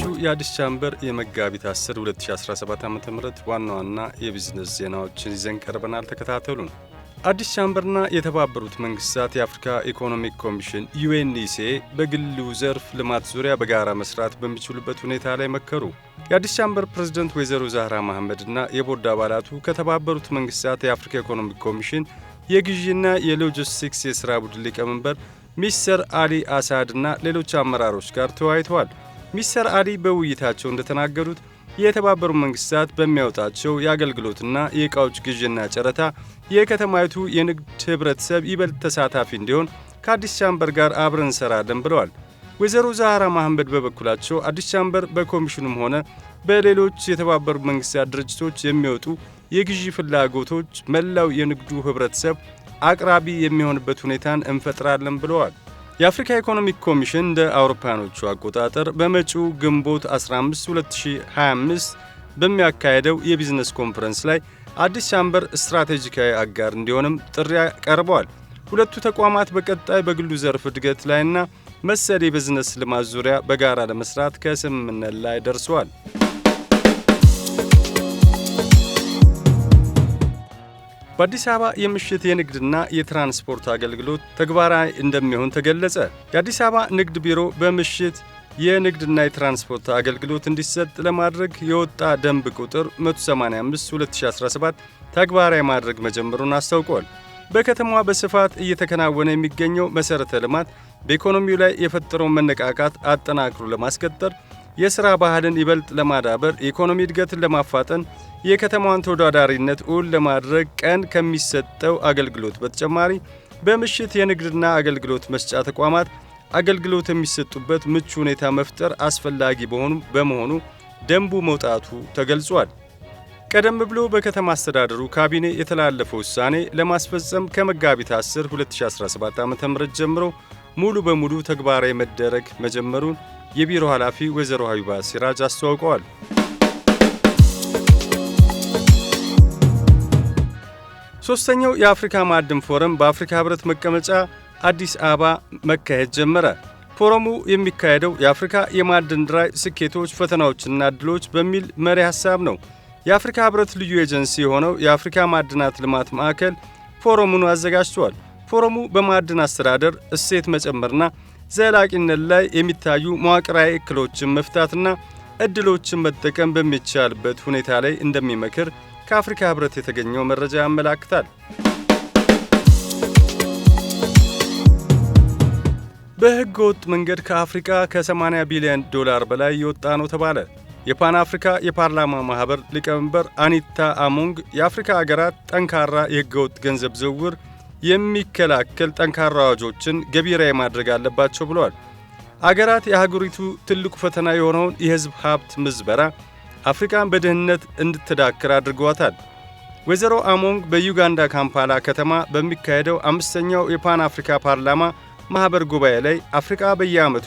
የተከበራችሁ የአዲስ ቻምበር የመጋቢት 10 2017 ዓ ም ዋና ዋና የቢዝነስ ዜናዎችን ይዘን ቀርበናል። ተከታተሉን። አዲስ ቻምበርና የተባበሩት መንግስታት የአፍሪካ ኢኮኖሚክ ኮሚሽን ዩኤንኢሲኤ በግሉ ዘርፍ ልማት ዙሪያ በጋራ መስራት በሚችሉበት ሁኔታ ላይ መከሩ። የአዲስ ቻምበር ፕሬዝደንት ወይዘሮ ዛህራ መሐመድና የቦርድ አባላቱ ከተባበሩት መንግስታት የአፍሪካ ኢኮኖሚክ ኮሚሽን የግዢና የሎጂስቲክስ የሥራ ቡድን ሊቀመንበር ሚስተር አሊ አሳድና ሌሎች አመራሮች ጋር ተወያይተዋል። ሚስተር አሊ በውይይታቸው እንደተናገሩት የተባበሩ መንግስታት በሚያወጣቸው የአገልግሎትና የእቃዎች ግዥና ጨረታ የከተማይቱ የንግድ ህብረተሰብ ይበልጥ ተሳታፊ እንዲሆን ከአዲስ ቻምበር ጋር አብረን እንሰራለን ብለዋል። ወይዘሮ ዛሃራ መሐመድ በበኩላቸው አዲስ ቻምበር በኮሚሽኑም ሆነ በሌሎች የተባበሩ መንግስታት ድርጅቶች የሚወጡ የግዢ ፍላጎቶች መላው የንግዱ ህብረተሰብ አቅራቢ የሚሆንበት ሁኔታን እንፈጥራለን ብለዋል። የአፍሪካ ኢኮኖሚክ ኮሚሽን እንደ አውሮፓውያኖቹ አቆጣጠር በመጪው ግንቦት 15 2025 በሚያካሄደው የቢዝነስ ኮንፈረንስ ላይ አዲስ ቻምበር ስትራቴጂካዊ አጋር እንዲሆንም ጥሪ ቀርበዋል። ሁለቱ ተቋማት በቀጣይ በግሉ ዘርፍ እድገት ላይና መሰል የቢዝነስ ልማት ዙሪያ በጋራ ለመስራት ከስምምነት ላይ ደርሰዋል። በአዲስ አበባ የምሽት የንግድና የትራንስፖርት አገልግሎት ተግባራዊ እንደሚሆን ተገለጸ። የአዲስ አበባ ንግድ ቢሮ በምሽት የንግድና የትራንስፖርት አገልግሎት እንዲሰጥ ለማድረግ የወጣ ደንብ ቁጥር 185 2017 ተግባራዊ ማድረግ መጀመሩን አስታውቋል። በከተማዋ በስፋት እየተከናወነ የሚገኘው መሠረተ ልማት በኢኮኖሚው ላይ የፈጠረውን መነቃቃት አጠናክሮ ለማስቀጠር የሥራ ባህልን ይበልጥ ለማዳበር፣ የኢኮኖሚ እድገትን ለማፋጠን፣ የከተማዋን ተወዳዳሪነት እውን ለማድረግ ቀን ከሚሰጠው አገልግሎት በተጨማሪ በምሽት የንግድና አገልግሎት መስጫ ተቋማት አገልግሎት የሚሰጡበት ምቹ ሁኔታ መፍጠር አስፈላጊ በመሆኑ ደንቡ መውጣቱ ተገልጿል። ቀደም ብሎ በከተማ አስተዳደሩ ካቢኔ የተላለፈው ውሳኔ ለማስፈጸም ከመጋቢት 10 2017 ዓ.ም ጀምሮ ሙሉ በሙሉ ተግባራዊ መደረግ መጀመሩን የቢሮ ኃላፊ ወይዘሮ ሀቢባ ሲራጅ አስተዋውቀዋል። ሦስተኛው የአፍሪካ ማዕድን ፎረም በአፍሪካ ኅብረት መቀመጫ አዲስ አበባ መካሄድ ጀመረ። ፎረሙ የሚካሄደው የአፍሪካ የማዕድን ድራይ ስኬቶች፣ ፈተናዎችና እድሎች በሚል መሪ ሐሳብ ነው። የአፍሪካ ኅብረት ልዩ ኤጀንሲ የሆነው የአፍሪካ ማዕድናት ልማት ማዕከል ፎረሙን አዘጋጅቷል። ፎረሙ በማዕድን አስተዳደር እሴት መጨመርና ዘላቂነት ላይ የሚታዩ መዋቅራዊ እክሎችን መፍታትና እድሎችን መጠቀም በሚቻልበት ሁኔታ ላይ እንደሚመክር ከአፍሪካ ህብረት የተገኘው መረጃ ያመላክታል። በሕገ ወጥ መንገድ ከአፍሪካ ከ80 ቢሊዮን ዶላር በላይ የወጣ ነው ተባለ። የፓን አፍሪካ የፓርላማ ማኅበር ሊቀመንበር አኒታ አሞንግ የአፍሪካ አገራት ጠንካራ የሕገ ወጥ ገንዘብ ዝውውር የሚከላከል ጠንካራ አዋጆችን ገቢራዊ ማድረግ አለባቸው ብለዋል። አገራት የአህጉሪቱ ትልቁ ፈተና የሆነውን የሕዝብ ሀብት ምዝበራ አፍሪካን በድህነት እንድትዳክር አድርገዋታል። ወይዘሮ አሞንግ በዩጋንዳ ካምፓላ ከተማ በሚካሄደው አምስተኛው የፓን አፍሪካ ፓርላማ ማኅበር ጉባኤ ላይ አፍሪካ በየዓመቱ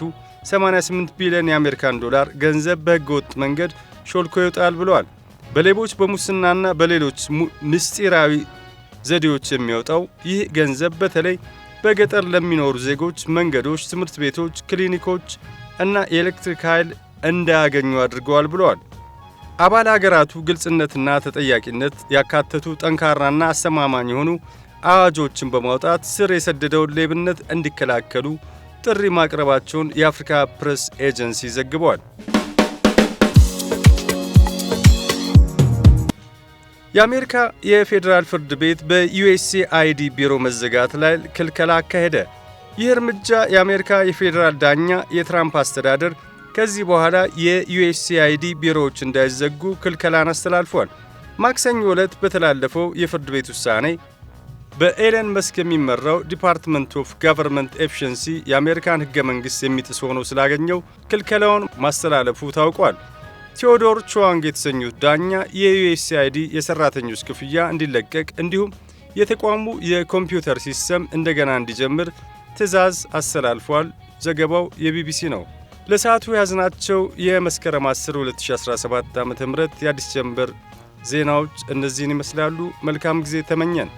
88 ቢሊዮን የአሜሪካን ዶላር ገንዘብ በሕገወጥ መንገድ ሾልኮ ይወጣል ብለዋል። በሌቦች በሙስናና በሌሎች ምስጢራዊ ዘዴዎች የሚያወጣው ይህ ገንዘብ በተለይ በገጠር ለሚኖሩ ዜጎች መንገዶች፣ ትምህርት ቤቶች፣ ክሊኒኮች እና የኤሌክትሪክ ኃይል እንዳያገኙ አድርገዋል ብለዋል። አባል አገራቱ ግልጽነትና ተጠያቂነት ያካተቱ ጠንካራና አስተማማኝ የሆኑ አዋጆችን በማውጣት ስር የሰደደውን ሌብነት እንዲከላከሉ ጥሪ ማቅረባቸውን የአፍሪካ ፕሬስ ኤጀንሲ ዘግቧል። የአሜሪካ የፌዴራል ፍርድ ቤት አይዲ ቢሮ መዘጋት ላይ ክልከላ አካሄደ። ይህ እርምጃ የአሜሪካ የፌዴራል ዳኛ የትራምፕ አስተዳደር ከዚህ በኋላ አይዲ ቢሮዎች እንዳይዘጉ ክልከላን አስተላልፏል። ማክሰኞ ዕለት በተላለፈው የፍርድ ቤት ውሳኔ በኤለን መስክ የሚመራው ዲፓርትመንት ኦፍ ጋቨርንመንት ኤፊሽንሲ የአሜሪካን ሕገ መንግሥት የሚጥስ ሆኖ ስላገኘው ክልከላውን ማስተላለፉ ታውቋል። ቴዎዶር ቹዋንግ የተሰኙት ዳኛ የዩኤስአይዲ የሠራተኞች ክፍያ እንዲለቀቅ እንዲሁም የተቋሙ የኮምፒውተር ሲስተም እንደገና እንዲጀምር ትዕዛዝ አስተላልፏል። ዘገባው የቢቢሲ ነው። ለሰዓቱ የያዝናቸው የመስከረም 10 2017 ዓ ም የአዲስ ጀንበር ዜናዎች እነዚህን ይመስላሉ። መልካም ጊዜ ተመኘን።